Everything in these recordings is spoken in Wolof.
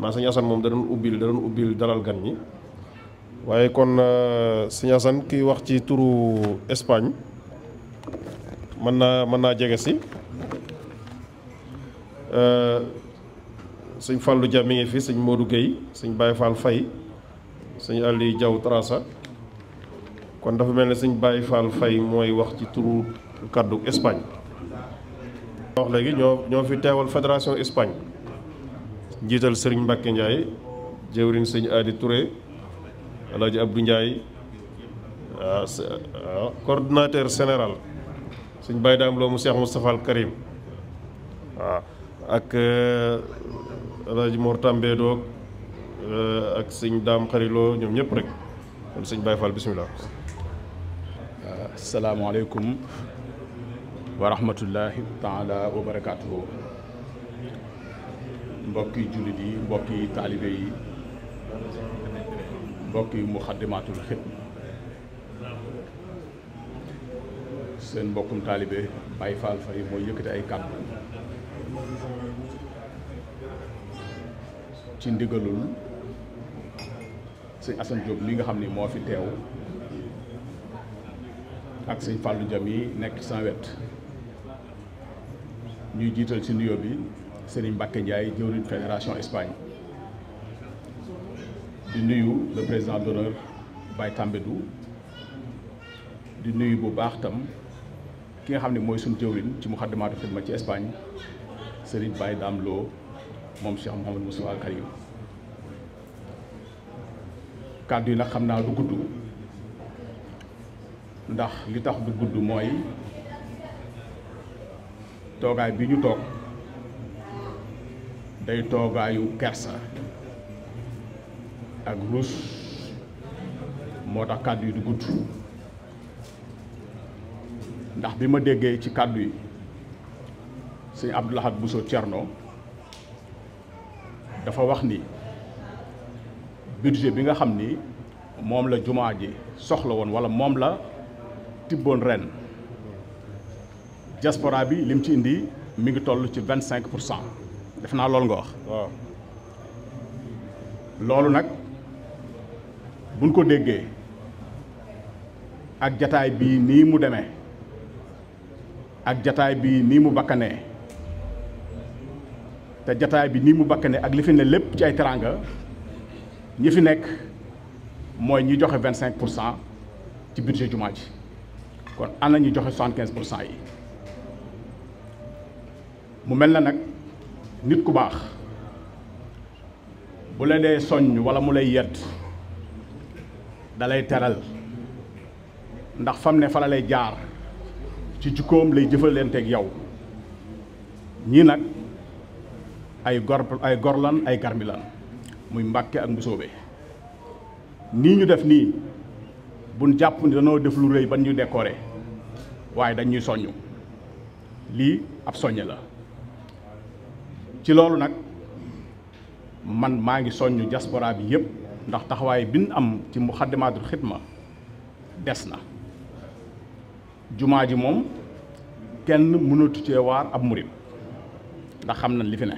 naa sëñ Assane moom da doon ubbil da doon ubbil dalal gan ñi waaye kon euh, sëñ Assane kiy wax ci turu Espagne mën naa mën naa jege si euh, sëñ Fallou Dia mi ngi fi sëñ Modou Guèye sëñ Baye Fall Faye sëñ Aliou Diaw Trasa kon dafa mel ne sëñ Baye Fall Faye mooy wax ci turu kaddu Espagne. wax léegi ñoo ñoo fi teewal fédération Espagne. njiital sëriñ Mbacke Ndiaye jëwriñ sëñ Adi Touré El Hadj Abdou Ndiaye waaw ah, ah, coordonnateur général sëñ Baye mu Cheikh Moustapha Al Karim waaw ah, ak El eh, Hadj Mor eh, ak sëñ Dame Xarilo ñoom ñëpp rek kon sëñ Baye Fall bisimilah. asalaamaaleykum wa rahmatullahi taala wa mbokki jullit yi mbokki taalibe yi mbokki muxaddimaatul xidma seen mbokkum taalibe Baye Fall Faye mooy yëkkati ay kàddu ci ndigalul sëñ Assane Diop mi nga xam ni moo fi teew ak sëñ Fallou yi nekk sans wet ñuy jiital ci nuyoo bi Serigne Mbacké njaay jëwriñ fédération Espagne di nuyu le président d'honneur Baye Tambédou di nuyu bu baax tam ki nga xam ne mooy suñ jëwriñ ci Moukhaddamatoul Khidma ci Espagne Serigne Baye Dame Lo moom Cheikh Mouhamadou Moustapha Karim kàddu yi nag xam naa du gudd ndax li tax du gudd mooy toogaay bi ñu toog day toogaayu kersa ak ruus moo tax kàddu yi du gudd ndax bi ma déggee ci kàddu yi sëñ Abdou Lahad Bousso Thierno dafa wax ni budget bi nga xam ni moom la jumaa ji soxla woon walla moom la tibboon ren diaspora bi lim ci indi mu ngi toll ci vingt cinq pour cent def naa loolu nga wax. waaw loolu nag buñ ko déggee ak jataay bii nii mu demee ak jataay bii nii mu bakkanee te jataay bi nii mu bakkanee ak li fi lépp ci ay teraanga ñi fi nekk mooy ñi joxe vingt cinq pour cent ci budget jumaa ji kon ana ñi joxe soixante quinze pour yi mu mel na nag. nit ku baax bu la dee soññ walla mu lay yedd dalay teral ndax fam ne fa lay jaar ci jikkoom lay jëfalanteeg yow ñii nag ay gor ay gorlan ay garmilan muy Mbàkke ak Mbusoobe nii ñu def nii bu jàpp ni danoo def lu rëy ban ñu décoré waaye dañuy soññ lii ab soññe la ci loolu nag man maa ngi soññ jasporaa bi yépp ndax taxawaay bi am ci muxaddamaatul xidma des na jumaa ji moom kenn mënatu cee waar ab murit ndax xam nañ li fi ne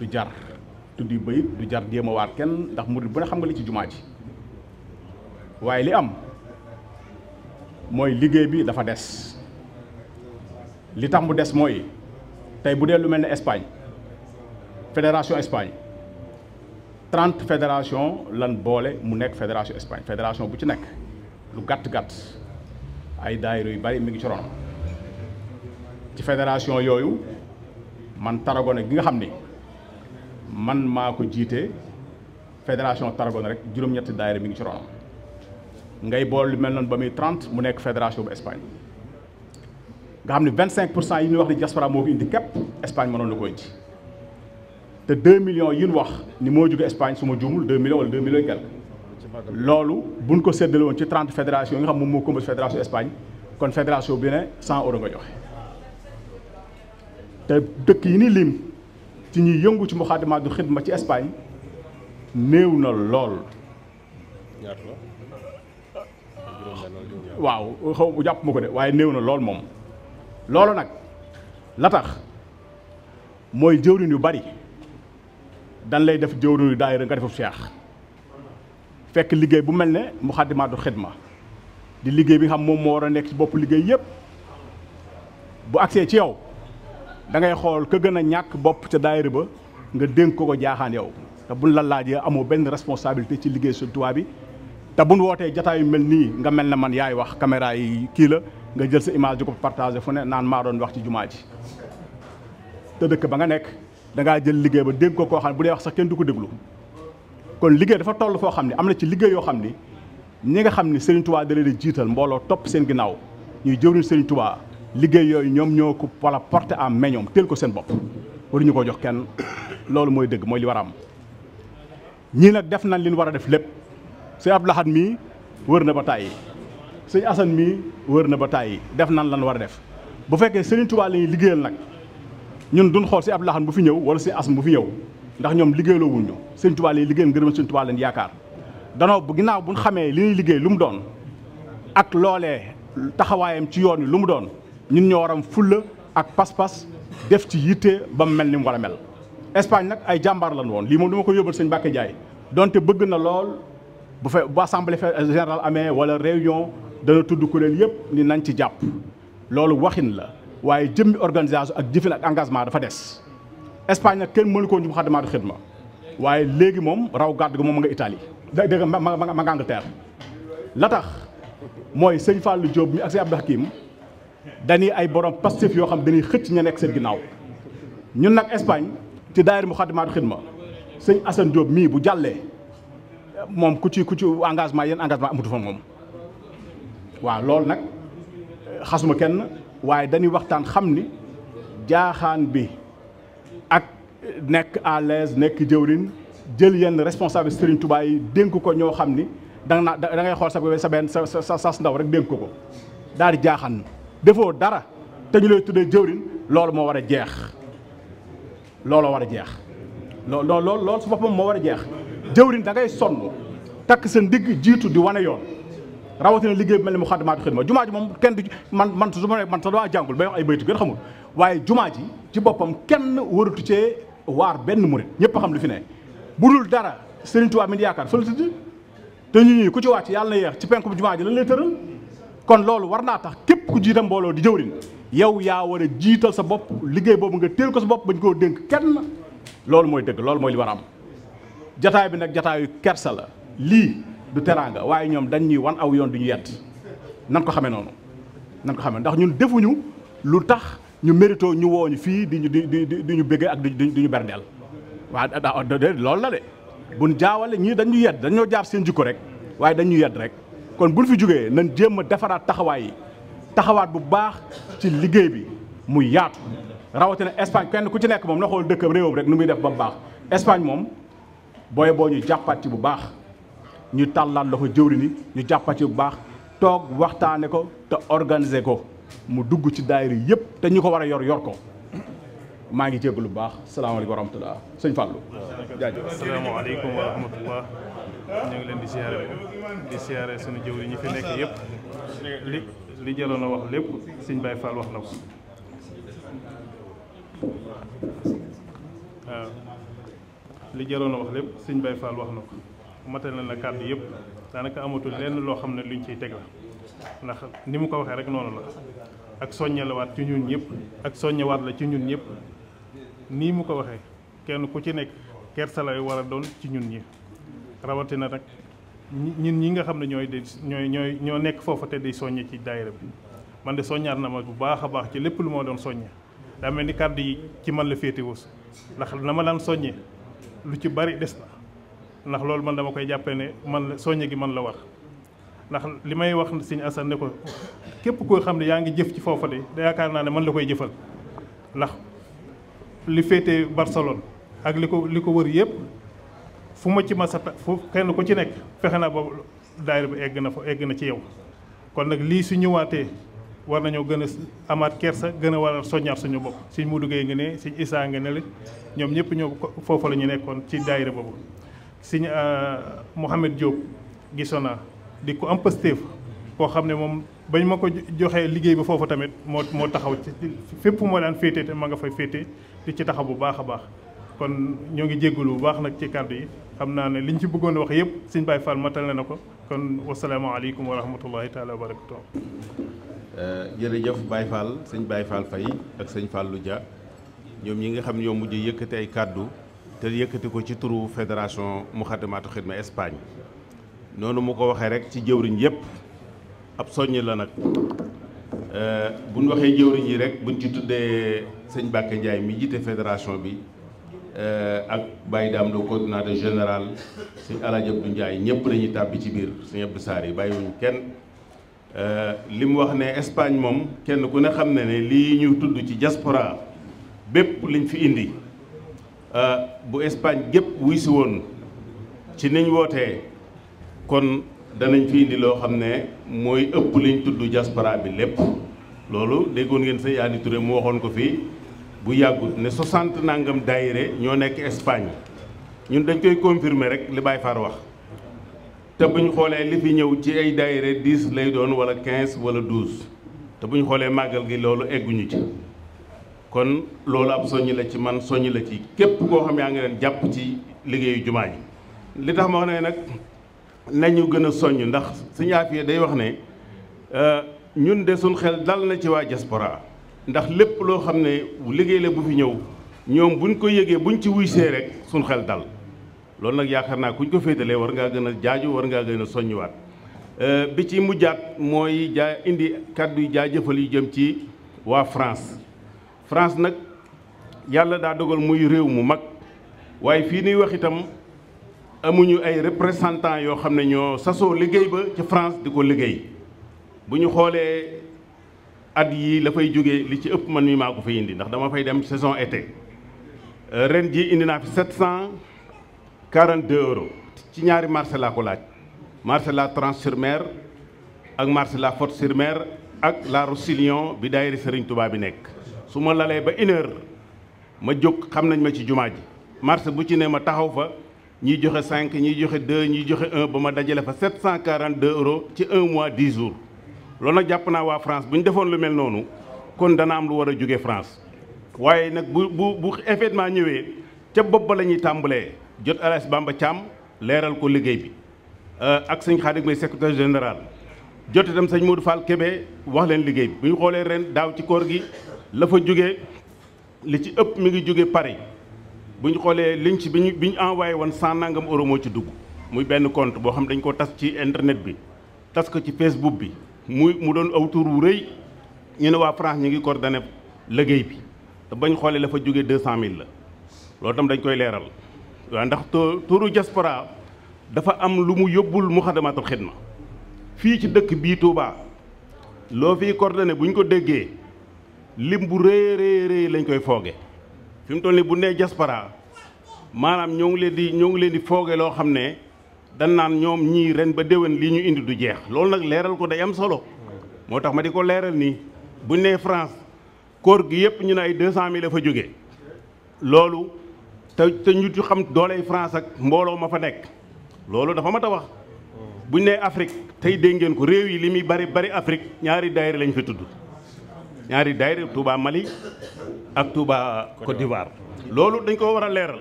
du jar tuddi bayit du jar jéem waar kenn ndax murit bu ne xam nga li ci jumaa ji waaye li am mooy liggéey bi dafa des li tax mu des mooy tey bu dee lu mel ne Espagne fédération Espagne trente fédération lan boole mu nekk fédération Espagne fédération bu ci nekk lu gàtt gàtt ay daayira yu bari mi ngi ci ronam ci fédération yooyu man Tarragona gi nga xam ni man maa ko jiite fédération Tarragona rek juróom-ñetti daayira mi ngi ci ronam ngay boole lu mel noonu ba muy trente mu nekk fédération bu Espagne. nga xam ne vingt cinq pour cent yi ñuy wax ni diaspora moo ko indi képp Espagne mënoon na ko indi te deux millions yin wax ni moo jóge Espagne su ma juumul deux millions wala deux millions et quelque loolu buñ ko séddale woon ci trente fédération nga xam moom moo composé fédération Espagne kon fédération bi ne cent euros nga joxe te dëkk yi ni liim ci ñuy yëngu ci mu Moukhaddamatoul Khidma ci Espagne néew na lool waaw xaw jàpp ma ko de waaye néew na lool moom loolu nag la tax mooy jëwriñ yu bari dan lay def jëwriñ yu daayira nga defub seex fekk liggéey bu mel ne Muxaddamatul Xidma di liggéey bi xam moom moo war a nekk ci boppu liggéey yëpp bu agsee ci yow dangay ngay xool ka gën a ñàkk bopp ca daayira ba nga dénk ko ko jaaxaan yow te buñ la laajee amoo benn responsabilité ci liggéey Sëñ Tuubaa bi te bu nu wootee jataay yu mel nii nga mel ne man yaay wax caméra yi kii la nga jël sa image di ko partagé fu ne naan maa doon wax ci jumaa ji te dëkk ba nga nekk dangaa jël liggéey ba dégg ko koo xam ne bu dee wax sax kenn du ko déglu kon liggéey dafa toll foo xam ne am na ci liggéey yoo xam ni ñi nga xam ni Serigne Touba da jiital mbooloo topp seen ginnaaw ñuy jëwriñ Serigne Touba liggéey yooyu ñoom ñoo ko wala porté en main ñoom ko seen bopp waruñu ko jox kenn loolu mooy dëgg mooy li war a am ñii nag def nañ li ñu war a def lépp. si ab Lahad mii wër na ba tàyyi sëñ Assane mii wër na ba tàyyi def nan lan war a def bu fekkee Serigne Touba la ñuy liggéeyal nag ñun duñ xool si ab Lahad bu fi ñëw wala si Assane bu fi ñëw ndax ñoom liggéeyloo wuñ ñu Serigne Touba la ñuy liggéeyal ngërëm Serigne Touba yaakaar danoo bu ginnaaw buñ xamee li ñuy liggéey lu mu doon ak loolee taxawaayam ci yoon wi lu mu doon ñun ñoo waram fulla ak pas-pas def ci yitte ba mu mel ni mu war a mel Espagne nag ay jàmbaar lan woon lii moom du ko yóbbal sëñ Mbacke Ndiaye donte bëgg na lool bu fe bu assemblée euh, générale amee wala réunion dana tudd kuréel yëpp nii nañ ci jàpp loolu waxin la waaye jëmmi organisation ak jëfin ak engagement dafa des. Espagne nag kenn mënu ko ñu Moukhaddamatoul Khidma waaye léegi moom raw gàdd ga moom ma nga Italie dégg nga ma ma nga Angleterre la tax mooy sëñ Fallou Diop mi ak sëñ Abdou Hakim dañuy ay borom Pastef yoo xam dañuy xëcc ña nekk seen ginnaaw ñun nag Espagne ci daayira Moukhaddamatoul Khidma sëñ Assane Diop mii bu jàllee. moom ku ci ku ci engagement yéen engagement amatu fa moom waaw loolu nag xasuma kenn waaye dañuy waxtaan xam ni jaaxaan bi ak nekk à l'aise nekk jëwrin jël yenn responsable Serigne Touba yi dénk ko ñoo xam ni da nga da ngay xool sa sa benn sa sa sas ndaw rek dénk ko ko daal di jaaxaan defoo dara te lay tuddee jëwrin loolu moo war a jeex looloo war a jeex lool lool lool su boppam moo war a jeex. jëwriñ da ngay sonn takk sa ndigg jiitu di wane yoon rawatina liggéey bi mel ni mu xadamaatu xidma jumaa ji moom kenn du man man su ma ne man sax dama jàngul bay wax ay baytu gën xamul waaye jumaa ji ci boppam kenn waratu cee waar benn murit ñëpp xam li fi ne bu dul dara Sëriñ Tuubaa mi yaakaar fa la tëdd te ñu ñii ku ci wàcc yàlla na yeex ci penku jumaa ji lan lay tëral kon loolu war naa tax képp ku jiitam mbooloo di jëwriñ yow yaa war a jiital sa bopp liggéey boobu nga téel ko sa bopp bañ koo dénk kenn loolu mooy dëgg loolu mooy li war a am jataay bi nag jataayu kersa la lii du teraanga waaye ñoom dañ ñuy wan aw yoon du ñu yett nan ko xamee noonu nan ko xamee ndax ñun defuñu lu tax ñu meritoo ñu wooñu fii di ñu di di ñu bëggee ak di ñu berndeel waaw loolu la de buñ jaawale ñii dañu yedd dañoo jaar seen jikko rek waaye dañuy yedd rek kon buñ fi jógee nañ jéem a defaraat taxawaay yi taxawaat bu baax ci liggéey bi mu yaatu rawatina Espagne kenn ku ci nekk moom na xool dëkkam rek nu muy def ba baax Espagne moom booy boo ñu jàppati bu baax ñu tàllaat loxo jëwri ni ñu jàppati bu baax toog waxtaane ko te organiser ko mu dugg ci daayira yëpp te ñu ko war a yor yor ko maa ngi jégg lu baax salaamaaleykum wa rahmatulah sëñ Fallou. jaajëf asalaamaaleykum wa rahmatulah ñu ngi leen di siyaare di siyaare sunu jëwri ñi fi nekk yëpp li li jëloon a wax lépp sëñ Baye Fall wax na ko li jaroon a wax lépp sëñ Baye Fall wax na ko matal na la kàddu yëpp daanaka amatul lenn loo xam ne luñ ciy teg la ndax ni mu ko waxee rek noonu la ak soññalewaat ci ñun ñëpp ak soññewaat la ci ñun ñëpp nii mu ko waxee kenn ku ci nekk kersa lay war a doon ci ñun ñi rawatina nag ñun ñi nga xam ne ñooy de ñooy ñooy ñoo nekk foofa te di soññe ci daayira bi man de soññaat na ma bu baax a baax ci lépp lu moo doon soññe daa mel ni kàddu yi ci man la féete wus ndax na ma daan soññe lu ci bari des na ndax loolu man dama koy jàppe ne man la soññe gi man la wax ndax li may wax sëñ Assane ne ko képp koo xam ne yaa ngi jëf ci foofa de yaakaar naa ne man la koy jëfal ndax li féete Barcelone ak li ko li ko wër yëpp fu ma ci masata fu kenn ku ci nekk fexe naa ba daayira bi egg na fa egg na ci yow kon nag lii su ñëwaatee war nañoo gën a amaat sa gën a war a soññaat suñu bopp suñ mu duggee nga ne suñ isaa nga ne la ñoom ñëpp ñoo foofa la ñu nekkoon ci daayira boobu suñ euh, Mouhamed Diop gisona di ko am Pastef koo xam ne moom bañ ma ko joxee liggéey bi foofu tamit moo moo taxaw ci fépp moo daan féete te ma nga fay féete di ci taxaw bu baax a baax kon ñoo ngi jéggulu bu baax nag ci kàddu yi xam naa ne li liñ ci bëggoon wax yëpp suñ baay Fall matal na ko kon wasalaamaaleykum wa rahmatullahi taala wa barakatuh Euh, jërëjëf Baye Fall sëñ Baye Fall fay ak sëñ Fallou Dia ñoom ñi nga xam ñoo mujj yëkkati ay kàddu te yëkkati ko ci turu fédération Muxaddamatul Xidma Espagne noonu mu ko waxee rek ci jëwriñ yëpp ab soññ la nag euh, bu ñu waxee jëwriñ yi rek buñ ci tuddee sëñ Bàkke Ndiaye mi jiite fédération bi euh, ak Baye Dame do coordinateur général sëñ Alaaji Abdou njaay ñëpp la ñuy tàbbi ci biir sëñ Abdou Sarr yi bàyyiwuñ kenn. Euh, li mu wax ne Espagne moom kenn ku ne xam ne ne lii ñu tudd ci diaspora bépp liñ fi indi euh, bu Espagne gépp wuy si woon ci niñ wootee kon danañ fi indi loo xam ne mooy ëpp liñ tudd diaspora bi lépp loolu déggoon ngeen sa Yaani Touré mu waxoon ko fii bu yàggut ne 60 nangam daayire ñoo nekk Espagne ñun dañ koy confirmer rek li Baye Faar wax te buñ xoolee li fi ñëw ci ay daayira dix lay doon wala quinze wala douze te buñ xoolee màggal gi loolu egguñu ci kon loolu ab soññ la ci man soññ la ci képp koo xam yaa ngi leen jàpp ci liggéeyu jumaa ji li tax ma wax ne nag nañu gën a soññ ndax Sëñ Aafiya day wax ne euh, ñun de suñ xel dal na ci waa diaspora ndax lépp loo xam ne liggéey la bu fi ñëw ñoom buñ ko yëgee buñ ci wuysee rek suñ xel dal loolu nag yaakaar naa kuñ ko féetalee war ngaa gën a jaaju war ngaa gën a waat euh, bi ci mujjaat mooy jaa indi kàddu jaa jëfal yu jëm ci waa France France nag yàlla daa dogal muy réew mu mag waaye fii nuy wax itam amuñu ay représentants yoo xam ne ñoo sasoo liggéey ba ci France di ko liggéey bu ñu xoolee at yii la fay jóge li ci ëpp man mi maa ko fay indi ndax dama fay dem saison été euh, ren ji indi naa fi 700. 42 euros ci ñaari marché laa ko laaj marché la Tranche ak marché la Faute sur ak la Roussillon bi daayira Serigne Touba bi nekk su ma lalee ba une ma jóg xam nañ ma ci jumaa ji marché bu ci ne ma taxaw fa ñuy joxe 5 ñuy joxe 2 ñuy joxe 1 ba ma dajale fa 742 euros ci un mois 10 jours loolu na jàpp naa waa France bu ñu defoon lu mel noonu kon dana am lu war a jóge France waaye nag bu bu bu événement ñëwee ca bopp ba la ñuy tàmbalee jot Alaas Bamba Thiam leeral ko liggéey bi euh, ak sëñ Xaadim may secrétaire général jot itam sëñ Modou Fall Kébé wax leen liggéey bi bu xoolee ren daaw ci koor gi la fa jóge li ci ëpp mi ngi jóge Paris bu ñu xoolee liñ ci bi ñu bi ñu envoyé woon cent nangam euro moo ci dugg muy benn compte boo xam dañ ko tas ci internet bi tas ko ci Facebook bi muy mu doon aw tur wu rëy ñu ne waa France ñu ngi coordonné liggéey bi te bañ xoolee la fa jógee deux cent mille la loolu tam dañ koy leeral waaw ndax turu diaspora dafa am lu mu yóbbul muxadamatul xidma fii ci dëkk bii Touba loo fiy coordonné bu ko déggee lim bu rëy rëy rëy lañ koy fooge fi mu toll nii bu nee diaspora maanaam ñoo ngi leen di ñoo ngi leen di fooge loo xam ne dan naan ñoom ñii ren ba déwén lii ñu indi du jeex loolu nag leeral ko day am solo moo tax ma di ko leeral nii buñ nee France koor gi yëpp ñu ne ay deux cent mille la fa jógee loolu te te ñu ci xam dooley France ak mbooloo ma fa nekk loolu dafa mat a wax bu ñu nee Afrique tey dégg ngeen ko réew yi li muy bari bari Afrique ñaari daayira lañ fi tudd ñaari daayira Touba Mali ak Touba Côte d'Ivoire. loolu dañ ko war a leeral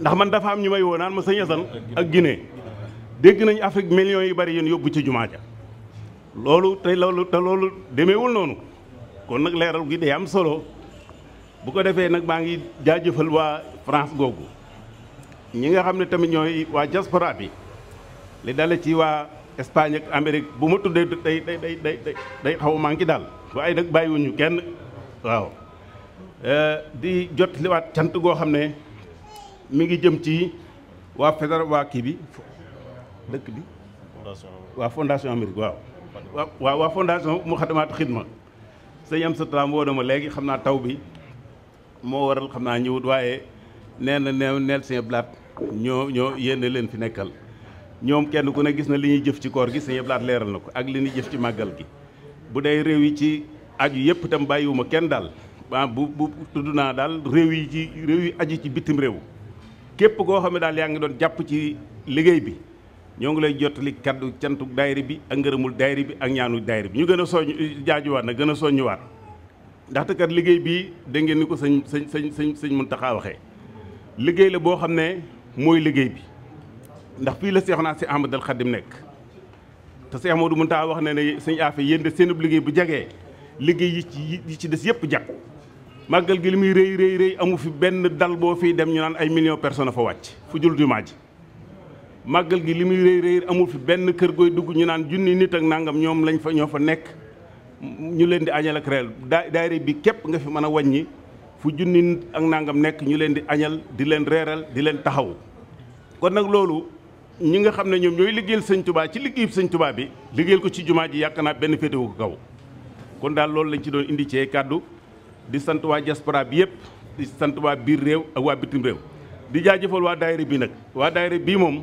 ndax man dafa am ñu may woo naan ma sëñ Assane ak Guinée dégg nañ Afrique millions yu bari yéen yóbbu ci jumaa ja loolu tey loolu te loolu demeewul noonu kon nag leeral gi day am solo bu ko defee nag maa ngi jaajëfal waa. France googu ñi nga xam ne tamit ñooy waa diaspora bi li dale ci waa Espagne ak Amérique bu ma tuddee day day day day day xaw a manqué daal waaye nag bàyyiwuñu kenn waaw eh, di jot liwaat cant goo xam ne mi ngi jëm ci waa fédéral waa kii bi dëkk bi. waa fondation Amérique waaw. waaw waa fondation mu xadamaatu xidma sëñ am sa woo na ma léegi xam naa taw bi moo waral xam naa ñëwut waaye. nee na neew neel seen blaat ñoo ñoo yénn leen fi nekkal ñoom kenn ku ne gis na li ñuy jëf ci koor gi seen blaat leeral na ko ak li ñuy jëf ci màggal gi bu dee réew yi ci aju yëpp itam ma kenn daal waaw bu bu tudd naa daal réew yi ci réew yi aju ci bitim réew képp koo xam ne daal yaa ngi doon jàpp ci liggéey bi ñoo ngi lay jottali kaddu cantu daayira bi ak ngërëmul daayira bi ak ñaanu daayira bi ñu gën a soññ jaajuwaat na gën a soññuwaat ndaxte kat liggéey bii da ngeen ni ko sëñ sëñ sëñ sëñ sëñ Muntaxa waxee liggéey la boo xam ne mooy liggéey bi ndax fii la Seexuna si Ahmadul Xadim nekk te Seex Ahmadu Muntaxa wax na ne sëñ Afe yéen de seenub liggéey bu jagee liggéey yi ci yi ci des yëpp jag màggal gi li muy rëy rëy rëy amu fi benn dal boo fii dem ñu naan ay millions personnes fa wàcc fu jul jumaa ji màggal gi li muy rëy rëy amul fi benn kër gooy dugg ñu naan junni nit ak nangam ñoom lañ fa ñoo fa nekk ñu leen di añal ak reel daayira bi képp nga fi mën a wàññi fu junni ak nangam nekk ñu leen di añal di leen reeral di leen taxaw kon nag loolu ñi nga xam ne ñoom ñooy liggéeyal sëñ tubaa ci liggéeyub sañ tubaa bi liggéeyal ko ci jumaa ji yàq naa benn féetewu ko kaw kon daal loolu lañ ci doon indi ci kàddu di sant waa diaspora bi yëpp di sant waa biir réew ak waa bitim réew di jaajëfal waa daayira bii nag waa daayira bii moom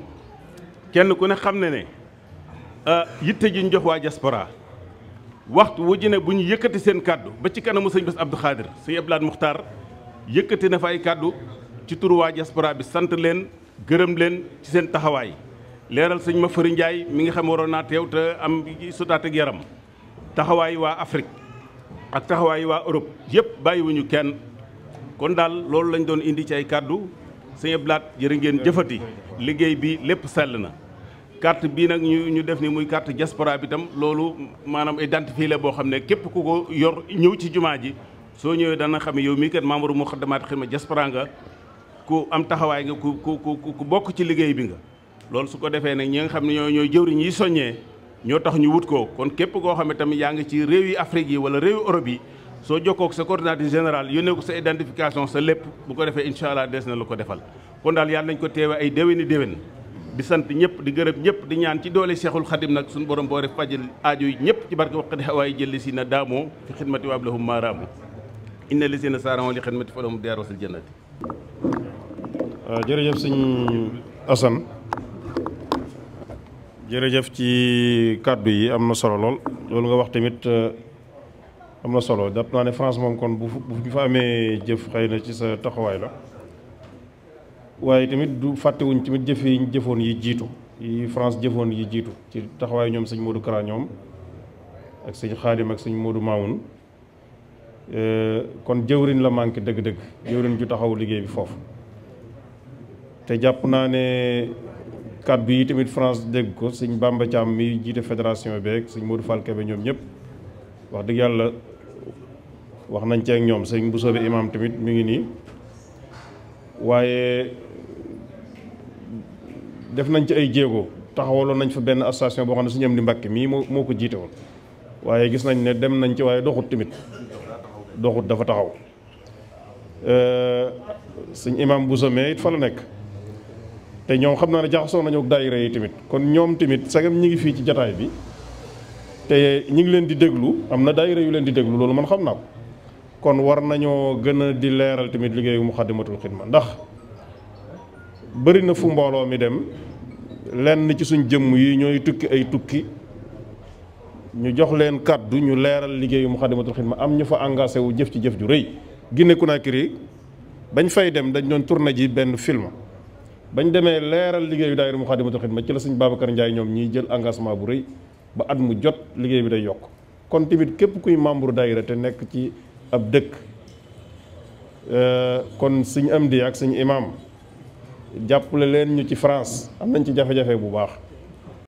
kenn ku ne xam ne ne ah, yitte ji ñu jox waa diaspora waxtu wu jine bu ñu yëkkati seen kàddu ba ci kanamu sëñ Bass Abdou Khadir sëñ Abdoulaye Muxtaar yëkkati na fa ay kàddu ci turu waa bi sant leen gërëm leen ci seen taxawaay leeral sëñ ma fëri Ndiaye mi ngi xam waroon naa teew te am sotaat ak yaram taxawaay waa Afrique ak taxawaay waa Europe yëpp bàyyiwuñu kenn kon daal loolu lañ doon indi ci ay kàddu sëñ Abdoulaye jërë ngeen jëfati liggéey bi lépp sell na carte bii nag ñu ñu def ni muy carte diaspora bi tam loolu maanaam identifié la boo xam ne képp ku ko yor ñëw ci jumaa ji soo ñëwee dana xam ne yow mii kat membre mu xaddamaat xidma diaspora nga ku am taxawaay nga ku ku ku bokk ci liggéey bi nga loolu su ko defee ne ñi nga xam ne ñoo ñooy jëwriñ yi soññee ñoo tax ñu wut koo kon képp koo xam ne tamit yaa ngi ci réew yi Afrique yi wala réew yi Europe yi soo jokkoo ak sa coordinateur général yónnee ko sa identification lépp bu ko defee incha allah des na la ko defal kon yàlla nañ ko teewe ay déwéni di sant ñëpp di gërëm ñëpp di ñaan ci doole Cheikhul Khadim nag suñu borom boore fajal aajo yi ñëpp ci barke waqti xawaayi jëlli si na daamoo fi xidmati waab lahum maaraamu inna li seen saaramo li xidmati fa lahum diyaar wasal jannati waaw euh, jërëjëf sëñ Assane jërëjëf ci kàddu yi am na solo lool loolu nga wax tamit euh, am na solo daf naa ne France moom kon bu bu ñu fa amee jëf xëy na ci sa taxawaay la waaye tamit du fàttewuñ tamit jëfe yi jëfoon yi jiitu yi France jëfoon yi jiitu ci taxawaay ñoom sëñ Modou Kara ñoom ak sëñ Xaadim ak sëñ Modou Mamoun eh, kon jëwriñ la manqué dëgg-dëgg jëwriñ ju taxaw liggéey bi foofu te jàpp naa ne kàddu yi tamit France dégg ko sëñ Bamba Thiam mi jiite fédération beeg sëñ Modou Fall Kébé ñoom ñëpp wax dëgg yàlla wax nañ ceeg ñoom sëñ bu soobee imaam tamit mi ngi nii waaye def nañ ci ay jéego taxawaloon nañ fa benn association boo xam ne suñu am di mbàkk mii moo moo ko jiite woon waaye gis nañ ne dem nañ ci waaye doxut tamit doxut dafa taxaw euh, suñ imam bu somee it fa la nekk te ñoom xam naa ne jaxasoo nañu ak daayira yi tamit kon ñoom tamit sagam ñi ngi fii ci jataay bi te ñi ngi leen di déglu am na daayira yu leen di déglu loolu man xam naa ko kon war nañoo gën a di leeral tamit liggéeyu muxaddamatul xidma ndax bëri na fu mbooloo mi dem lenn ci suñu jëmm yi ñooy tukki ay tukki ñu jox leen kàddu ñu leeral liggéeyu muxaddamatul xidma am ñu fa engagé wu jëf ci jëf ju rëy Guinée Conakry bañ fay dem dañ doon tourné ji benn film bañ demee leeral liggéey liggéeyu daayira muxaddamatul xidma ci la suñu Babacar Ndiaye ñoom ñiy jël engagement bu rëy ba at mu jot liggéey bi day yokk kon tamit képp kuy membre daayira te nekk ci ab dëkk euh, kon suñ am di ak suñ imam jàppale leen ñu ci France am nañ ci jafe-jafe bu baax